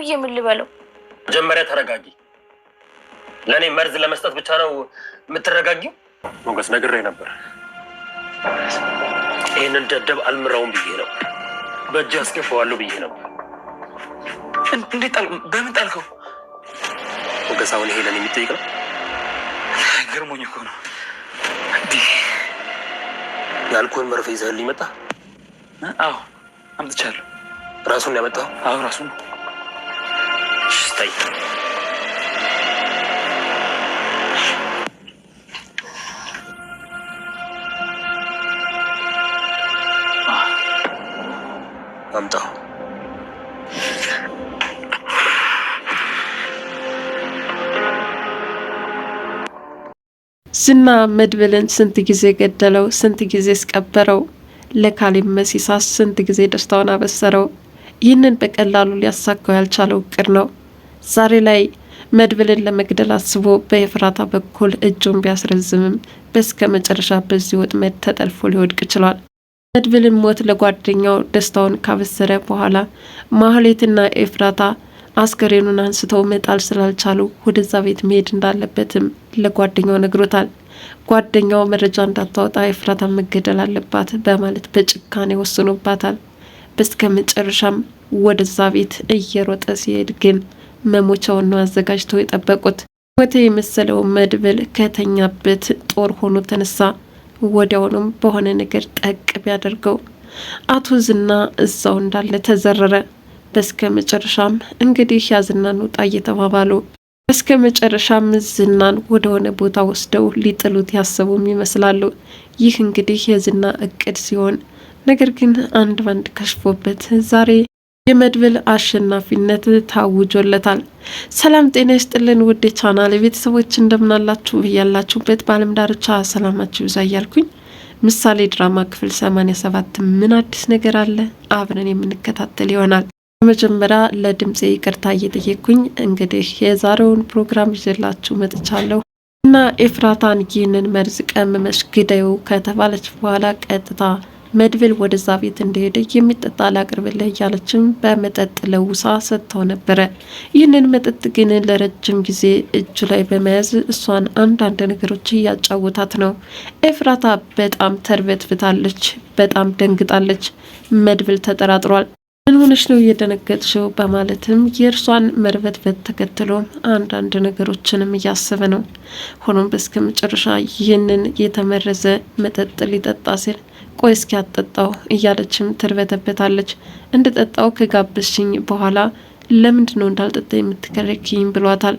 ብዬ ምን ልበለው? መጀመሪያ ተረጋጊ። ለእኔ መርዝ ለመስጠት ብቻ ነው የምትረጋጊው? ሞገስ ነግሬ ነበር። ይህንን ደደብ አልምራውም ብዬ ነው። በእጅ አስገባዋለሁ ብዬ ነው። እንዴት ጣል? በምን ጣልከው? ሞገስ አሁን ይሄ ለእኔ የሚጠይቅ ነው? እኮ ነው። መርፌ ይዘህልኝ መጣ? አዎ አምጥቻለሁ። ራሱን ያመጣው? አዎ ነው። чистой. አምጣው ah. ዝና መድብልን ስንት ጊዜ ገደለው? ስንት ጊዜ እስቀበረው? ለካሌብ መሲሳስ ስንት ጊዜ ደስታውን አበሰረው? ይህንን በቀላሉ ሊያሳካው ያልቻለው እቅድ ነው። ዛሬ ላይ መድብልን ለመግደል አስቦ በኤፍራታ በኩል እጁን ቢያስረዝምም በስከ መጨረሻ በዚህ ወጥመድ ተጠልፎ ሊወድቅ ችሏል። መድብልን ሞት ለጓደኛው ደስታውን ካበሰረ በኋላ ማህሌትና ኤፍራታ አስከሬኑን አንስተው መጣል ስላልቻሉ ወደዛ ቤት መሄድ እንዳለበትም ለጓደኛው ነግሮታል። ጓደኛው መረጃ እንዳታወጣ ኤፍራታ መገደል አለባት በማለት በጭካኔ ወስኖባታል። በስከ መጨረሻም ወደዛ ቤት እየሮጠ ሲሄድ ግን መሞቻውን ነው አዘጋጅተው የጠበቁት። ወተ የመሰለው መድብል ከተኛበት ጦር ሆኖ ተነሳ። ወዲያውኑም በሆነ ነገር ጠቅ ቢያደርገው አቶ ዝና እዛው እንዳለ ተዘረረ። በስከ መጨረሻም እንግዲህ ያዝናን ውጣ እየተባባሉ በስከ መጨረሻም ዝናን ወደሆነ ቦታ ወስደው ሊጥሉት ያሰቡም ይመስላሉ። ይህ እንግዲህ የዝና እቅድ ሲሆን ነገር ግን አንድ ባንድ ከሽፎበት ዛሬ የመድብል አሸናፊነት ታውጆለታል። ሰላም ጤና ይስጥልን ውድ ቻናል ቤተሰቦች እንደምናላችሁ ብያላችሁበት በዓለም ዳርቻ ሰላማችሁ ይብዛ እያልኩኝ ምሳሌ ድራማ ክፍል 87 ምን አዲስ ነገር አለ አብረን የምንከታተል ይሆናል። በመጀመሪያ ለድምፅ ይቅርታ እየጠየቅኩኝ እንግዲህ የዛሬውን ፕሮግራም ይዤላችሁ መጥቻለሁ እና ኤፍራታን ይህንን መርዝ ቀምመሽ ግደው ከተባለች በኋላ ቀጥታ መድብል ወደዛ ቤት እንደሄደ የሚጠጣ ላቅርብልህ እያለችም በመጠጥ ለውሳ ሰጥተው ነበረ። ይህንን መጠጥ ግን ለረጅም ጊዜ እጁ ላይ በመያዝ እሷን አንዳንድ ነገሮች እያጫወታት ነው። ኤፍራታ በጣም ተርበትብታለች፣ በጣም ደንግጣለች። መድብል ተጠራጥሯል። ምን ሆነች ነው እየደነገጥሽው? በማለትም የእርሷን መርበትበት ተከትሎ አንዳንድ ነገሮችንም እያሰበ ነው። ሆኖም በስከ መጨረሻ ይህንን የተመረዘ መጠጥ ሊጠጣ ሲል ቆይ እስኪ አትጠጣው እያለችም ትርበተበታለች። እንድጠጣው ጠጣው ከጋበዝሽኝ በኋላ ለምንድ ነው እንዳልጠጣ የምትከረክኝ ብሏታል።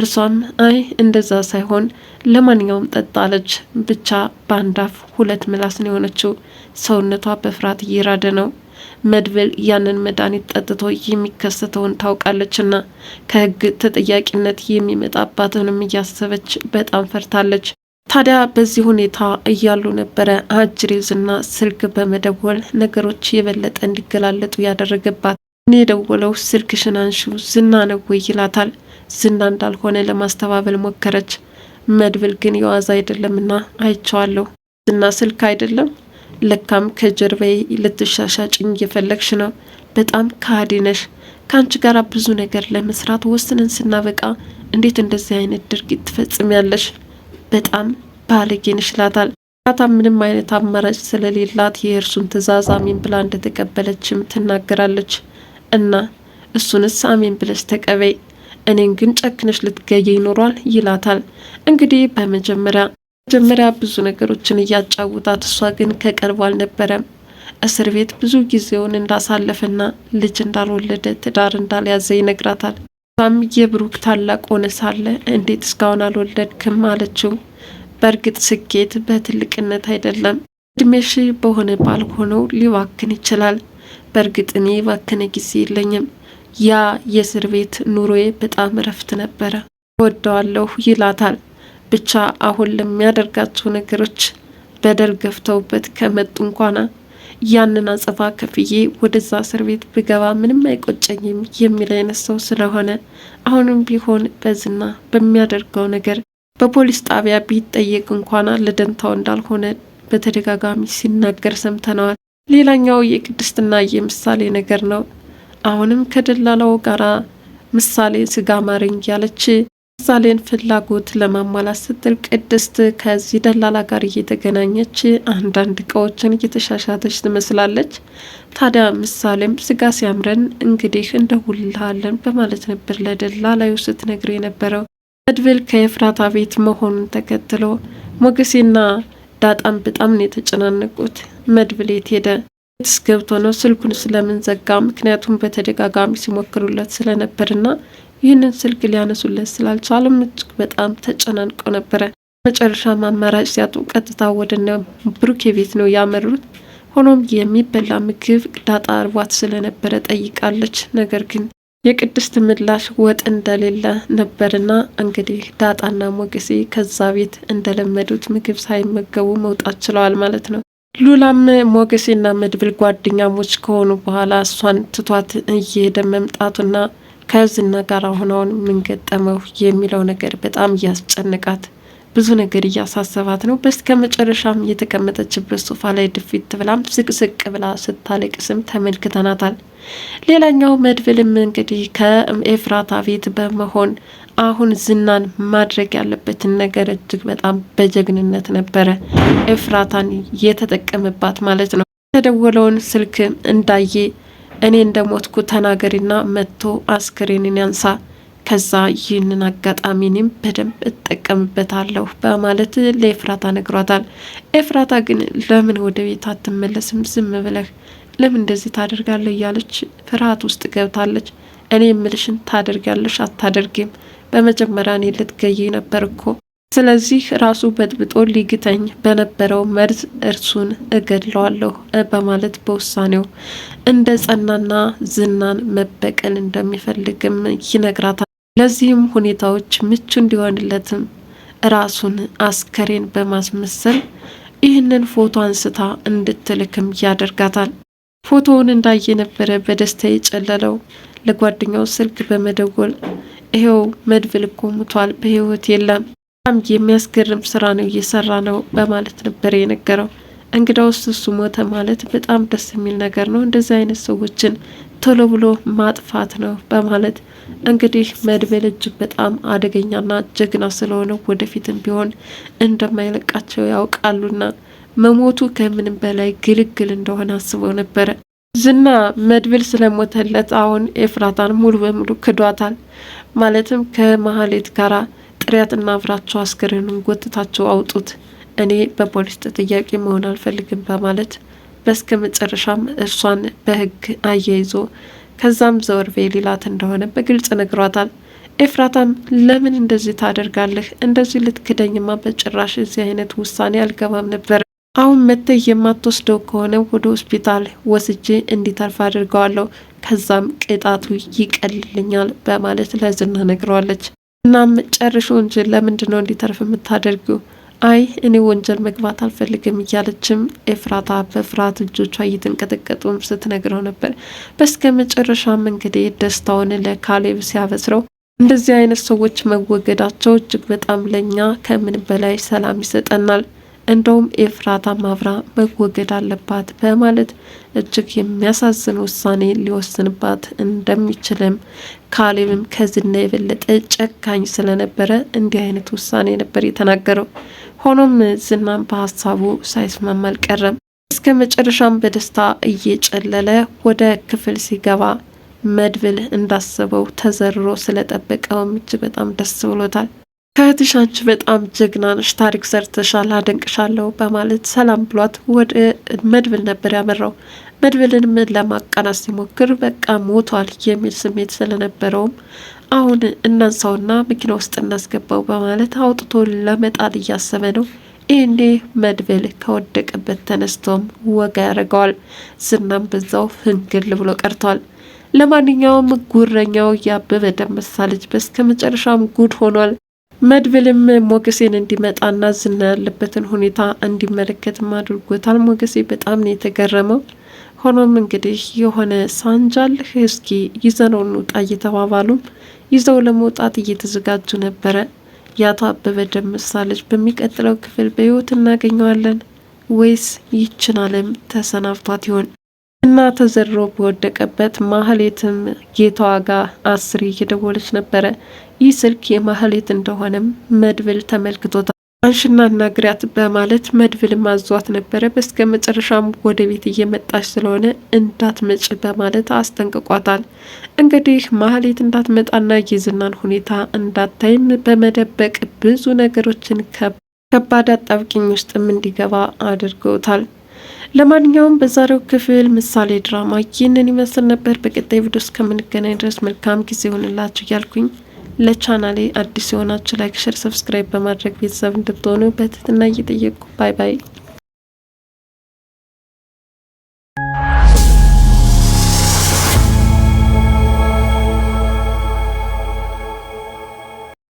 እርሷም አይ እንደዛ ሳይሆን ለማንኛውም ጠጣ አለች። ብቻ በአንድ አፍ ሁለት ምላስ ነው የሆነችው። ሰውነቷ በፍርሃት እየራደ ነው። መድብል ያንን መድኃኒት ጠጥቶ የሚከሰተውን ታውቃለችና ከህግ ተጠያቂነት የሚመጣባትንም እያሰበች በጣም ፈርታለች። ታዲያ በዚህ ሁኔታ እያሉ ነበረ አጅሬ ዝና ስልክ በመደወል ነገሮች የበለጠ እንዲገላለጡ ያደረገባት። እኔ የደወለው ስልክ ሽናንሹ ዝና ነው ወይ ይላታል። ዝና እንዳልሆነ ለማስተባበል ሞከረች። መድብል ግን የዋዛ አይደለምና አይቸዋለሁ። ዝና ስልክ አይደለም፣ ለካም ከጀርባዬ ልትሻሻጭኝ እየፈለግሽ ነው። በጣም ከሃዲ ነሽ። ከአንቺ ጋር ብዙ ነገር ለመስራት ወስነን ስናበቃ እንዴት እንደዚህ አይነት ድርጊት ትፈጽሚያለሽ? በጣም ባርጌን ይችላታል። ናታ ምንም አይነት አማራጭ ስለሌላት የእርሱን ትዕዛዝ አሜን ብላ እንደተቀበለችም ትናገራለች። እና እሱንስ አሜን ብለሽ ተቀበይ፣ እኔን ግን ጨክነሽ ልትገየ ይኖሯል ይላታል። እንግዲህ በመጀመሪያ መጀመሪያ ብዙ ነገሮችን እያጫወታት እሷ ግን ከቀርቡ አልነበረም። እስር ቤት ብዙ ጊዜውን እንዳሳለፈና ልጅ እንዳልወለደ ትዳር እንዳልያዘ ይነግራታል። እሷም የብሩክ ታላቅ ሆነ ሳለ እንዴት እስካሁን አልወለድክም አለችው። በእርግጥ ስኬት በትልቅነት አይደለም። እድሜሽ በሆነ ባል ሆኖ ሊባክን ይችላል። በእርግጥ እኔ ባከነ ጊዜ የለኝም። ያ የእስር ቤት ኑሮዬ በጣም እረፍት ነበረ። ወደዋለሁ ይላታል። ብቻ አሁን ለሚያደርጋቸው ነገሮች በደል ገፍተውበት ከመጡ እንኳና ያንን አጸፋ ከፍዬ ወደዛ እስር ቤት ብገባ ምንም አይቆጨኝም የሚል አይነት ሰው ስለሆነ አሁንም ቢሆን በዝና በሚያደርገው ነገር በፖሊስ ጣቢያ ቢጠየቅ እንኳን ለደንታው እንዳልሆነ በተደጋጋሚ ሲናገር ሰምተነዋል። ሌላኛው የቅድስትና የምሳሌ ነገር ነው። አሁንም ከደላላው ጋር ምሳሌ ስጋ ማረኝ ያለች ምሳሌን ፍላጎት ለማሟላት ስትል ቅድስት ከዚህ ደላላ ጋር እየተገናኘች አንዳንድ እቃዎችን እየተሻሻተች ትመስላለች። ታዲያ ምሳሌም ስጋ ሲያምረን እንግዲህ እንደውልልሃለን በማለት ነበር ለደላላዩ ስትነግር የነበረው። መድብል ከኤፍራታ ቤት መሆኑን ተከትሎ ሞገሴና ዳጣም በጣም ነው የተጨናነቁት። መድብል የት ሄደ? ገብቶ ነው? ስልኩን ስለምን ዘጋ? ምክንያቱም በተደጋጋሚ ሲሞክሩለት ስለነበርና ይህንን ስልክ ሊያነሱለት ስላልቻለም እጅግ በጣም ተጨናንቆ ነበረ። መጨረሻ አማራጭ ሲያጡ ቀጥታ ወደነ ብሩኬ ቤት ነው ያመሩት። ሆኖም የሚበላ ምግብ ዳጣ እርቧት ስለነበረ ጠይቃለች። ነገር ግን የቅድስት ምላሽ ወጥ እንደሌለ ነበርና እንግዲህ ዳጣና ሞገሴ ከዛ ቤት እንደለመዱት ምግብ ሳይመገቡ መውጣት ችለዋል ማለት ነው። ሉላም ሞገሴና መድብል ጓደኛሞች ከሆኑ በኋላ እሷን ትቷት እየሄደ መምጣቱና ከዝና ጋር ሆነውን የምንገጠመው የሚለው ነገር በጣም እያስጨንቃት ብዙ ነገር እያሳሰባት ነው። በስከ መጨረሻም የተቀመጠችበት ሶፋ ላይ ድፊት ትብላም ዝቅዝቅ ብላ ስታለቅስም ተመልክተናታል። ሌላኛው መድብልም እንግዲህ ከኤፍራታ ቤት በመሆን አሁን ዝናን ማድረግ ያለበትን ነገር እጅግ በጣም በጀግንነት ነበረ ኤፍራታን የተጠቀመባት ማለት ነው። የተደወለውን ስልክ እንዳየ እኔ እንደሞትኩ ተናገሪና መጥቶ አስክሬንን ያንሳ፣ ከዛ ይህንን አጋጣሚንም በደንብ እጠቀምበታለሁ በማለት ለኤፍራታ ነግሯታል። ኤፍራታ ግን ለምን ወደ ቤት አትመለስም? ዝም ብለህ ለምን እንደዚህ ታደርጋለህ እያለች ፍርሃት ውስጥ ገብታለች። እኔ የምልሽን ታደርጋለሽ አታደርጊም? በመጀመሪያ እኔ ልትገይ ነበር እኮ። ስለዚህ ራሱ በጥብጦ ሊግተኝ በነበረው መርዝ እርሱን እገድለዋለሁ በማለት በውሳኔው እንደ ጸናና ዝናን መበቀል እንደሚፈልግም ይነግራታል። ለዚህም ሁኔታዎች ምቹ እንዲሆንለትም ራሱን አስከሬን በማስመሰል ይህንን ፎቶ አንስታ እንድትልክም ያደርጋታል። ፎቶውን እንዳየ ነበረ በደስታ የጨለለው። ለጓደኛው ስልክ በመደወል ይሄው መድብል እኮ ሙቷል፣ በህይወት የለም፣ በጣም የሚያስገርም ስራ ነው እየሰራ ነው በማለት ነበረ የነገረው። ውስጥ እሱ ሞተ ማለት በጣም ደስ የሚል ነገር ነው። እንደዚህ አይነት ሰዎችን ቶሎ ብሎ ማጥፋት ነው በማለት እንግዲህ መድብል እጅግ በጣም አደገኛና ጀግና ስለሆነ ወደፊትም ቢሆን እንደማይለቃቸው ያውቃሉና መሞቱ ከምንም በላይ ግልግል እንደሆነ አስበው ነበረ። ዝና መድብል ስለሞተለት አሁን ኤፍራታን ሙሉ በሙሉ ክዷታል። ማለትም ከመሀሌት ጋራ ጥሪያትና አብራቸው አስክሬኑን ጎትታቸው አውጡት፣ እኔ በፖሊስ ተጠያቂ መሆን አልፈልግም በማለት በስከ መጨረሻም እርሷን በህግ አያይዞ ከዛም ዘወር በይ ሊላት እንደሆነ በግልጽ ነግሯታል። ኤፍራታም ለምን እንደዚህ ታደርጋለህ? እንደዚህ ልትክደኝማ በጭራሽ እዚህ አይነት ውሳኔ አልገባም ነበር አሁን መጥተህ የማትወስደው ከሆነ ወደ ሆስፒታል ወስጄ እንዲተርፍ አድርገዋለሁ፣ ከዛም ቅጣቱ ይቀልልኛል በማለት ለዝና ነግረዋለች። እናም ጨርሽ ወንጀል ለምንድን ነው እንዲተርፍ የምታደርጊው? አይ እኔ ወንጀል መግባት አልፈልግም እያለችም ኤፍራታ በፍርሃት እጆቿ እየተንቀጠቀጡም ስትነግረው ነበር። በስከ መጨረሻም እንግዲህ ደስታውን ለካሌብ ሲያበስረው እንደዚህ አይነት ሰዎች መወገዳቸው እጅግ በጣም ለእኛ ከምን በላይ ሰላም ይሰጠናል እንደውም ኤፍራታ ማብራ መወገድ አለባት በማለት እጅግ የሚያሳዝን ውሳኔ ሊወስንባት እንደሚችልም ካሌብም ከዝና የበለጠ ጨካኝ ስለነበረ እንዲህ አይነት ውሳኔ ነበር የተናገረው። ሆኖም ዝናም በሀሳቡ ሳይስማማ አልቀረም። እስከ መጨረሻም በደስታ እየጨለለ ወደ ክፍል ሲገባ መድብል እንዳሰበው ተዘርሮ ስለጠበቀውም እጅግ በጣም ደስ ብሎታል። ከእህትሽ አንቺ በጣም ጀግና ነሽ፣ ታሪክ ሰርተሻል፣ አደንቅሻለሁ በማለት ሰላም ብሏት ወደ መድብል ነበር ያመራው። መድብልን ምን ለማቃናት ሲሞክር በቃ ሞቷል የሚል ስሜት ስለነበረውም አሁን እናንሳውና መኪና ውስጥ እናስገባው በማለት አውጥቶ ለመጣል እያሰበ ነው። ይህኔ መድብል ከወደቀበት ተነስቶም ወጋ ያደርገዋል። ዝናም በዛው ፍንግል ብሎ ቀርቷል። ለማንኛውም ጉረኛው ያበበ ደመሳ ልጅ በስከ መጨረሻም ጉድ ሆኗል። መድብልም ሞገሴን እንዲመጣና ዝና ያለበትን ሁኔታ እንዲመለከትም አድርጎታል። ሞገሴ በጣም ነው የተገረመው። ሆኖም እንግዲህ የሆነ ሳንጃል እስኪ ይዘነው እንውጣ እየተባባሉም ይዘው ለመውጣት እየተዘጋጁ ነበረ። ያቶ አበበ ደምሳ ልጅ በሚቀጥለው ክፍል በህይወት እናገኘዋለን ወይስ ይችን አለም ተሰናብቷት ይሆን? እና ተዘሮ በወደቀበት ማህሌትም ጌታዋ ጋር አስር እየደወለች ነበረ። ይህ ስልክ የማህሌት እንደሆነም መድብል ተመልክቶታል። አንሽና አናግሪያት በማለት መድብል ማዟት ነበረ። በስከ መጨረሻም ወደ ቤት እየመጣች ስለሆነ እንዳትመጭ በማለት አስጠንቅቋታል። እንግዲህ ማህሌት እንዳትመጣና የዝናን ሁኔታ እንዳታይም በመደበቅ ብዙ ነገሮችን ከባድ አጣብቂኝ ውስጥም እንዲገባ አድርገውታል። ለማንኛውም በዛሬው ክፍል ምሳሌ ድራማ ይህንን ይመስል ነበር። በቀጣይ ቪዲዮ እስከምንገናኝ ድረስ መልካም ጊዜ ሆንላችሁ እያልኩኝ ለቻናሌ አዲስ የሆናችሁ ላይክ፣ ሸር፣ ሰብስክራይብ በማድረግ ቤተሰብ እንድትሆኑ በትህትና እየጠየቅኩ ባይ ባይ።